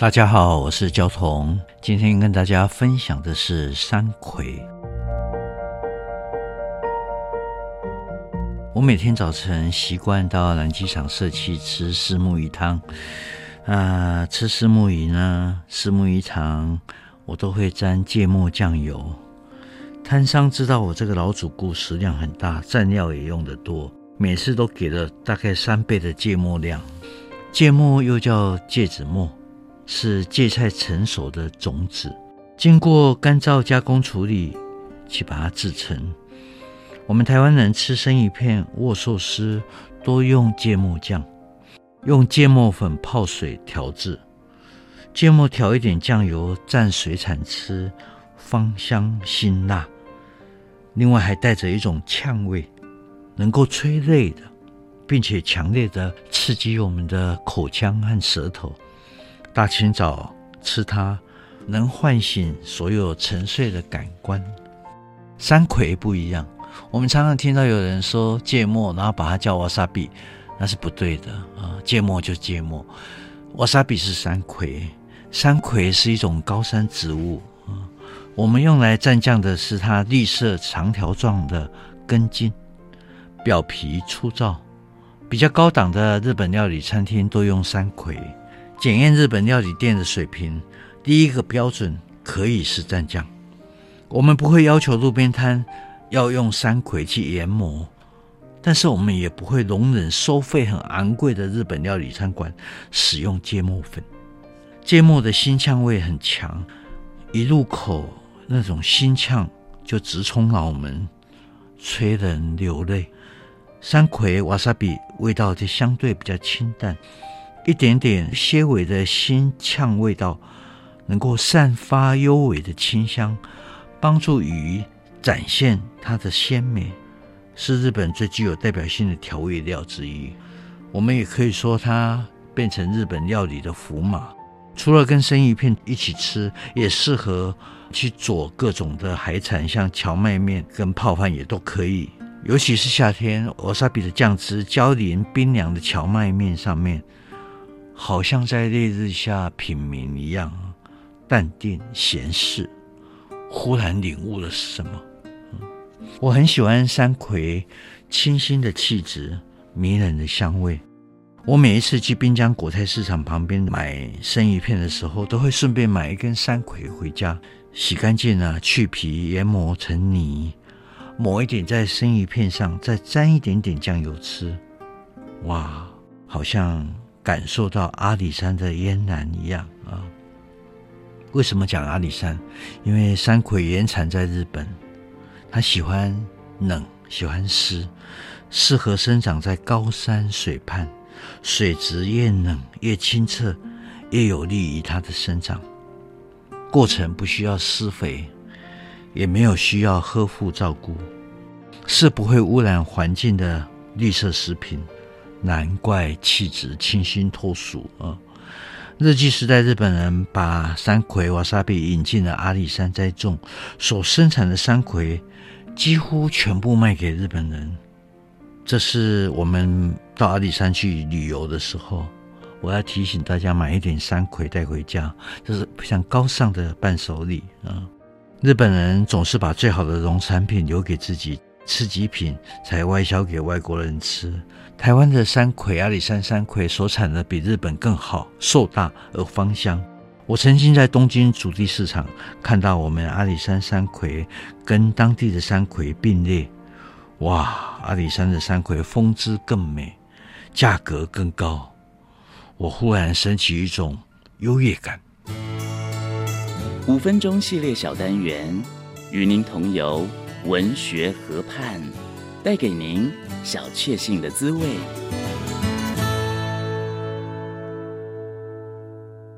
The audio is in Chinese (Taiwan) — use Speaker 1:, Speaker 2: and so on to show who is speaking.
Speaker 1: 大家好，我是焦桐。今天跟大家分享的是山葵。我每天早晨習慣到南機場社區吃虱目魚湯。啊、呃，吃虱目魚呢，虱目魚湯我都會沾芥末醬油。攤商知道我這個老主顧食量很大，蘸料也用得多，每次都給了大概三倍的芥末量。芥末又叫芥子末。是芥菜成熟的種子，經過乾燥加工處理，去把它制成。我們台灣人吃生魚片，握壽司多用芥末醬，用芥末粉泡水調製，芥末調一點醬油蘸水產吃，芳香辛辣，另外還帶着一種嗆味，能夠催淚的，並且強烈的刺激我們的口腔和舌頭。大清早吃它，能喚醒所有沉睡的感官。山葵不一樣，我們常常聽到有人說芥末，然後把它叫瓦莎比，那是不對的啊！芥末就芥末，瓦莎比是山葵。山葵是一種高山植物，我們用來蘸醬的是它綠色長條狀的根莖，表皮粗糙。比較高檔的日本料理餐廳都用山葵。檢驗日本料理店的水平，第一個標準可以是蘸醬。我們不會要求路邊攤要用山葵去研磨，但是我們也不會容忍收費很昂貴的日本料理餐館使用芥末粉。芥末的辛嗆味很強，一入口那種辛嗆就直衝腦門，催人流淚。山葵、瓦薩比味道就相對比較清淡。一點點些微的辛嗆味道，能夠散發幽微的清香，幫助魚展現它的鮮美，是日本最具有代表性的調味料之一。我們也可以說它變成日本料理的符碼。除了跟生魚片一起吃，也適合去做各種的海產，像蕎麥麵跟泡飯也都可以。尤其是夏天，哇沙比的醬汁澆淋冰涼的蕎麥麵上面。好像在烈日下品茗一樣，淡定閒適。忽然領悟了什麼。嗯，我很喜歡山葵，清新的氣質，迷人的香味。我每一次去濱江果菜市場旁邊買生魚片的時候，都會順便買一根山葵回家，洗乾淨啊，去皮，研磨成泥，抹一點在生魚片上，再蘸一點點醬油吃。哇，好像。感受到阿里山的嫣然一樣啊！為什麼講阿里山？因為山葵原產在日本，它喜歡冷，喜歡濕，適合生長在高山水畔，水質越冷越清澈，越有利於它的生長。過程不需要施肥，也沒有需要呵護照顧，是不會污染環境的綠色食品。難怪氣質清新脫俗啊！日據時代，日本人把山葵、瓦薩比引進了阿里山栽種，所生產的山葵幾乎全部賣給日本人。這是我們到阿里山去旅遊的時候，我要提醒大家買一點山葵帶回家，這是非常高尚的伴手禮啊！日本人總是把最好的農產品留給自己。次級品才外銷給外國人吃。台灣的山葵，阿里山山葵所產的比日本更好，碩大而芳香。我曾經在東京築地市場看到我們阿里山山葵跟當地的山葵並列，哇，阿里山的山葵風姿更美，價格更高。我忽然升起一種優越感。五分鐘系列小單元，與您同遊。文學河畔，帶給您小確幸的滋味。